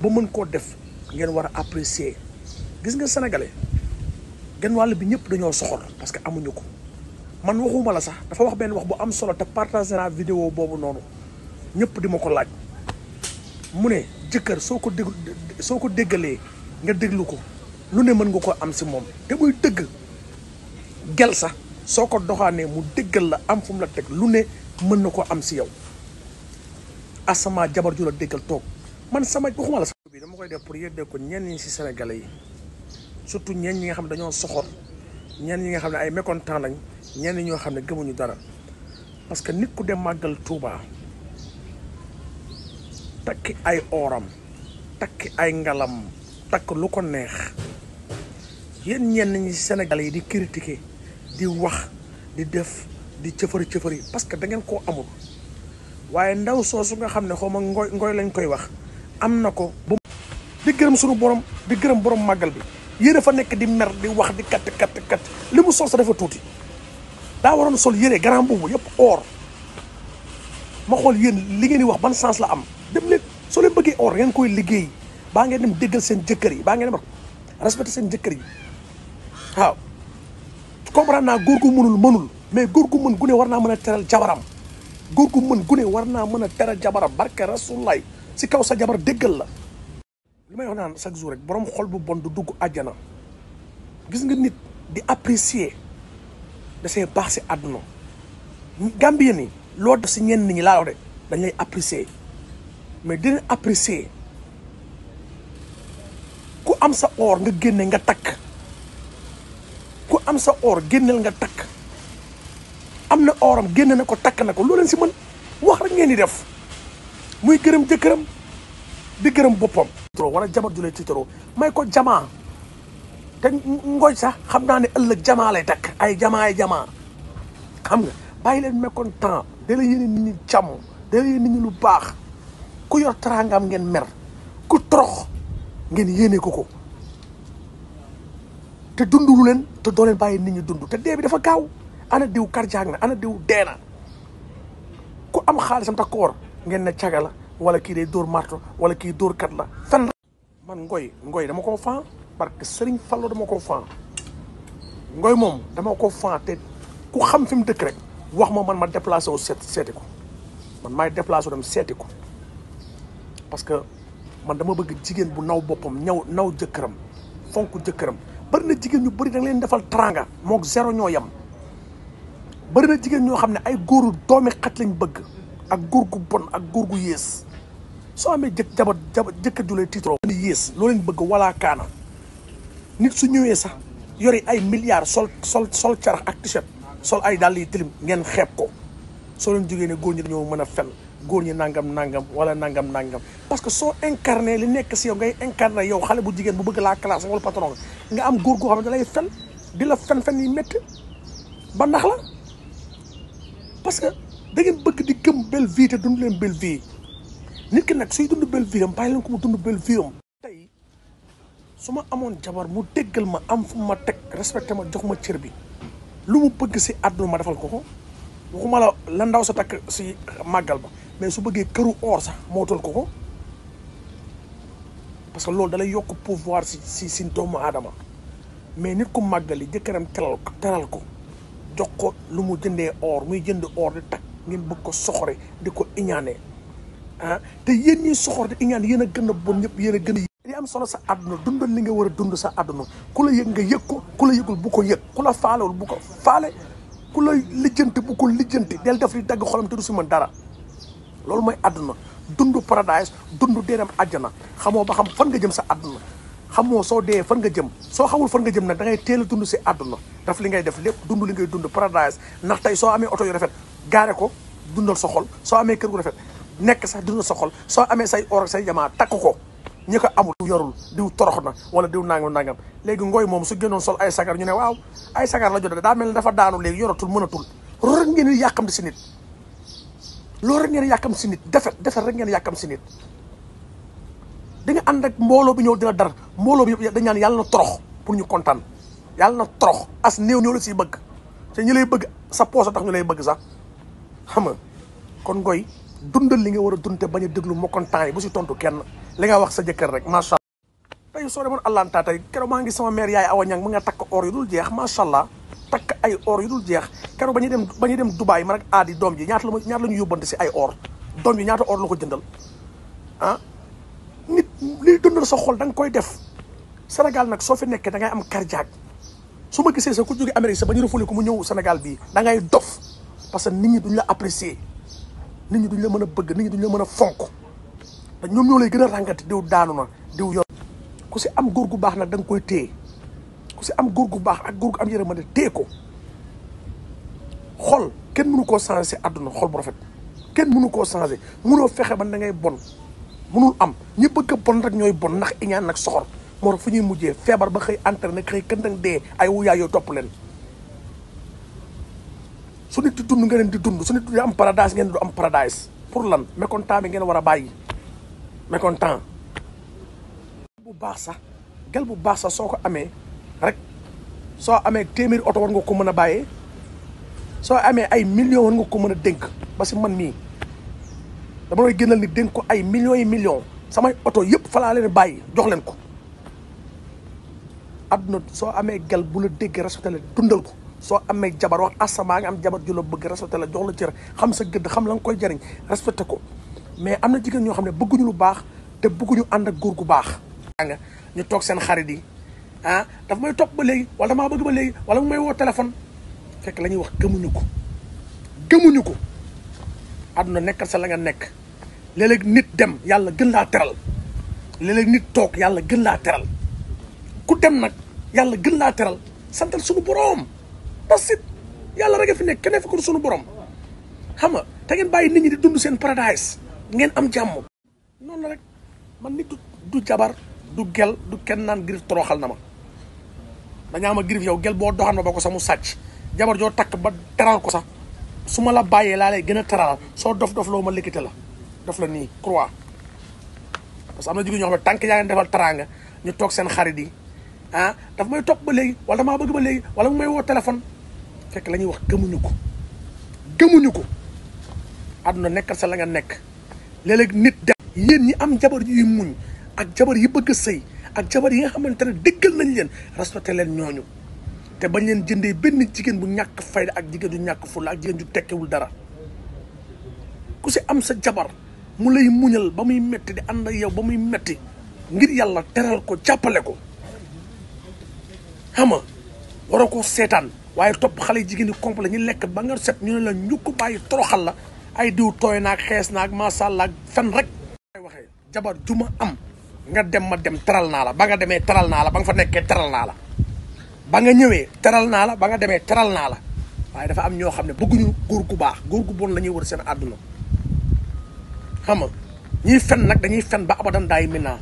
ba mën koo def ngeen war a apprécier gis nga sénégalais genn wàll bi ñëpp dañoo soxor parce que amuñu ko man waxuma la sax dafa wax benn wax bu am solo te partagé naa boobu noonu ñëpp di ma ko laaj mu ne jëkkër soo ko dégg soo ko déggalee nga déglu ko lu ne mën nga koo am si moom te muy dëgg gel sax soo ko doxaanee mu déggal la am fu la teg lu ne mën na koo am si yow asama jabar ju la déggal toog man sama waxuma la sama bi dama koy def pour yedde ko ñenn ñi ci Sénégalais yi surtout ñenn ñi nga xam ne dañoo soxor ñenn ñi nga xam ne ay mécontent lañ ñenn ñoo xam ne gëmuñu dara parce que nit ku dem màggal Touba takki ay ooram takki ay ngalam takk lu ko neex yéen ñenn ñi Sénégalais yi di critiquer di wax di def di cëfër cëfër yi parce que da ngeen koo amul waaye ndaw soo su nga xam ne xaw ma ngoy ngoy lañ koy wax. am na ko ba di sunu borom di gërëm borom màggal bi yére fa nekk di mer di wax di katt katt katt li mu sol sa dafa tuuti daa waroon sol yére grand boobu yëpp or ma xool yéen li ngeen wax ban sens la am dem leen soo leen bëggee or ngeen koy liggéey baa ngeen dem déggal seen jëkkër yi baa ngeen dem respecté seen jëkkër yi waaw comprendre naa góor gu mënul mënul mais góor gu mën gu ne war naa mën a teral jabaram góor gu mën gu ne war naa mën a teral jabaram barke rasulaay si kaw sa jabar déggal la li may wax naan chaque jour rek borom xol bu bon du dugg àjjana gis nga nit di apprécier da see baax si àdduna Gambien ni loo def si ñenn ni ñi laa wax de dañ lay apprécier mais dinañ apprécier ku am sa or nga génne nga takk ku am sa or génneel nga takk am na oram génne na ko takk na ko loo si mën wax rek ngeen di def muy gërëm jëkkëram di gërëm boppam. trop wala jabar ju lay tiitaroo may ko jamaa te ngooñ sax xam naa ne ëllëg jamaa lay takk ay jamaa ay jamaa xam nga bàyyi leen mekkoon temps da la yéene nit ñi jàmm da la yéene nit ñi lu baax ku yor teraangaam ngeen mer ku torox ngeen yéene ko ko te dundulu leen te doo leen bàyyi nit ñi dund te dee bi dafa gaaw ana diw karjaag na ana diw deena ku am xaalisam ta koor ngeen ne caga la wala kii day dóor marto wala kii dóor kat la fen man ngoy ngoy dama ko fan parce que Serigne Fallou dama ko fan ngoy moom dama ko fan te ku xam fi mu dëkk rek wax ma man ma déplacé wu seet seeti ko man maay déplacé wu dem seeti ko parce que man dama bëgg jigéen bu naw boppam ñaw naw jëkkëram fonk jëkkëram bari na jigéen ñu bëri da leen defal tranga mook zéro ñoo yam bari na jigéen ñoo xam ne ay góoru doomi xat lañ bëgg ak góor gu bon ak góor gu yées soo amee jëkk jabar jabar jëkkër ju lay tiitaroo ni yées loo leen bëgg walaa kaana nit su ñëwee sax yori ay milliards sol sol sol carax ak t sol ay dàll yi tilim ngeen xeep ko soo leen jógee góor ñi dañoo mën a fen góor ñi nangam nangam wala nangam nangam parce que soo incarné li nekk si yow ngay incarné yow xale bu jigéen bu bëgg laa classe wala patron nga am góor goo xam ne da lay di la fen fen yi métti ba la da bëgg di gëm belle vie te dund leen belle vie nit ki nag suy dund belle vie am bàyyi leen ko mu dund belle vie tey su ma amoon jabar mu déggal ma am fu ma teg respecté ma jox ma cër bi lu mu bëgg si àdduna ma defal ko ko waxuma la la sa takk si màggal ba mais su bëggee këru or sax mootal ko ko parce que loolu dalay yokk pouvoir si si si doomu aadama mais nit ku màggali jëkkëram teral ko teral ko jox ko lu mu jëndee or muy jënd or di takk. ngeen bëgg ko soxore di ko iñaane ah te yéen ñiy soxor di iñaane yéen a gën a bon ñëpp yéen a gën a li am solo sa àdduna dundal li nga war a dund sa àdduna ku la yëg nga yëg ko ku la yëgul bu ko ku la faalewul bu ko faale ku la lijjanti bu lijjanti del def li dagg xolam te dara loolu mooy àdduna dund paradise dund dee dem àjjana xamoo ba xam fan nga jëm sa àdduna xamoo soo dee fan nga jëm soo xamul fan nga jëm nag dangay ngay teel a dund si àdduna daf li ngay def lépp dund li ngay dund paradise ndax tey soo amee oto yu rafet gaare ko dundal sa xol soo amee kër gu rafet nekk sax dundal sa soo amee say or say jamaa takk ko ñi ko amul yorul diw torox na wala diw nangam nangam léegi ngooy moom su génnoon sol ay sagar ñu ne waaw ay sagar la jot daa mel ni dafa daanu léegi yoratul mënatul loolu rek ngeen di yàqam si nit loolu rek ngeen di yàqam si nit defet defet rek ngeen yàqam si nit di nga ànd ak mbooloo bi ñëw dina dar mbooloo bi yëpp dañ naan yàlla na torox pour ñu kontaan yàlla na torox as néew ñoo la si bëgg te ñu lay bëgg sa poos tax ñu lay bëgg sax xam nga kon ngoy dundal li nga war a dund te bañ a déglu mokkontaan yi bu si tontu kenn li nga wax sa jëkkër rek macha allah. tey soo demoon allantaa tey keroog maa ngi sama mère yaay Awa Niang mu nga takk or yu dul jeex macha allah takk ay or yu dul jeex keroog ba ñu dem ba ñuy dem Dubaay man ak aadi doom ji ñaata la ma ñaata la ñu yóbbante si ay or doom ji ñaata oor la ko jëndal ah nit liy dundal sa xol da nga koy def senegal nag soo fi nekkee da ngay am cardiaque su ma gisee sa ku jóge Amérique sa ba ñu refoulé ko mu ñëw Sénégal bii da ngay dof. parce que nit ñi duñ la nit ñi duñ la mën a bëgg nit ñi duñ la mën a fonk te ñoom ñoo lay gën a ràngati diw daanu na diw yor ku si am góor gu baax nag da koy téye ku si am góor gu baax ak góor gu am yërmande téye ko xol kenn mënu koo changer si àdduna xol bu rafet kenn mënu koo changer mënoo fexe ba da bon mënul am ñi bëgg a bon ñooy bon ndax iñaan nag soxor moo tax fu ñuy mujjee feebar ba xëy entraîné xëy këntang dee ay wuyaay yooyu topp leen su nit di dund nga leen di dund su nit di am paradise ngeen du am pour lan mécontent bi ngeen war a bàyyi mécontent bu baax sax gel bu baax sax soo ko amee rek soo amee téeméeri oto war nga ko mën a bàyyee soo amee ay millions war nga ko mën a dénk ba si man mii dama lay génnal ni dénk ko ay millions yi millions samay oto yëpp falaa leen bàyyi jox leen ko adduna soo amee gel bu la dégg respecté la dundal ko soo amee jabar wax asamaa am jabar ju bëgg respecté la jox la cër xam sa gëdd xam la nga koy jariñ respecté ko mais am na jigéen ñoo xam ne bëgguñu lu baax te bëgguñu ànd ak góor gu baax. nga ñu toog seen xarit yi ah dafa may topp ba léegi wala damaa bëgg ba léegi wala mu may woo téléphone fekk la ñuy wax gëmuñu ko gëmuñu ko àdduna nekkal sa la nga nekk léeg nit dem yàlla gën laa teral léeg nit toog yàlla gën laa teral ku dem nag yàlla gën laa teral santal suñu boroom. parce que yàlla rek a fi nekk kenn fi ko sunu borom xam nga te ngeen bàyyi nit ñi di dund seen paradise ngeen am jàmm. noonu la rek man nit du jabar du gel du kenn naan Griff toroxal na ma dañaa ma Griff yow gel boo doxan ma ba ko sax mu sàcc jabar joo takk ba teral ko sax su ma la bàyyee laa lay gën a teral soo dof dof loo ma likkite la dof la nii croix parce que am na jigéen ñoo xam ne tànk yaa ngeen defal teraanga ñu toog seen xarit yi ah daf may topp ba léegi wala damaa bëgg ba léegi wala mu may téléphone fekk lañuy wax gëmuñu ko gëmuñu ko àdduna nekkal sa la nga nekk léeg nit de yéen ñi am jabar yuy muñ ak jabar yi bëgg a sëy ak jabar yi nga xamante ne dëggal nañ leen respecté leen ñooñu te bañ leen jëndee benn jigéen bu ñàkk fayda ak jigéen du ñàkk fulla ak jigéen ju tekkewul dara ku si am sa jabar mu lay muñal ba muy metti di ànd ak yow ba muy metti ngir yàlla teral ko jàppale ko xam nga waroo ko seetaan waaye topp xale jigéen ñi complet ñu lekk ba nga set ñu ne la ñu ko bàyyi toroxal la ay diw tooy naag xees naag macha allah fen rek. waxee jabar juma am nga dem ma dem teral naa la ba nga demee teral naa la ba nga fa nekkee teral naa la ba nga ñëwee teral naa la ba nga demee teral naa la waaye dafa am ñoo xam ne bëgguñu góor gu baax góor gu bon la ñuy wër seen àdduna xam nga fen nag dañuy fen ba abadan daay mi naa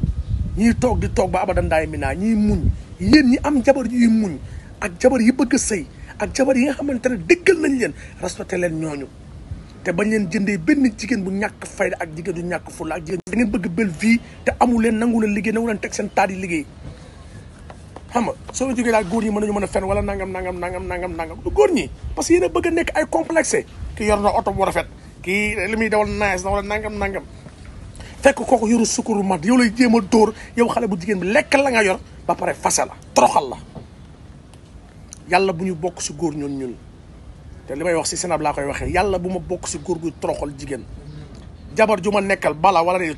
ñiy toog di toog ba abadan daay mi naa muñ yéen ñi am jabar yuy muñ ak jabar yi bëgg a sëy ak jabar yi nga xamante ne dëggal nañ leen respecté leen ñooñu te bañ leen jëndee benn jigéen bu ñàkk fay fayda ak jigéen du ñàkk fulla ak jigéen da ngeen bëgg belle vie te amu leen nangu leen liggéey nangu leen teg seen taat liggéey xam nga soo jógee daal góor ñi mën nañu mën a fen wala nangam nangam nangam nangam nangam du góor ñi parce que yéen bëgg a ay complexé ki yor na oto bu rafet kii li muy dawal nice na wala nangam nangam fekk kooku yoru sukuru mat yow lay jéem a dóor yow xale bu jigéen bi lekkal la nga yor ba pare fase la toroxal la yàlla bu ñu bokk si góor ñun ñun te li may wax si Sénégal laa koy waxee yàlla bu ma bokk si góor gu toroxal jigéen jabar ju ma nekkal bala wala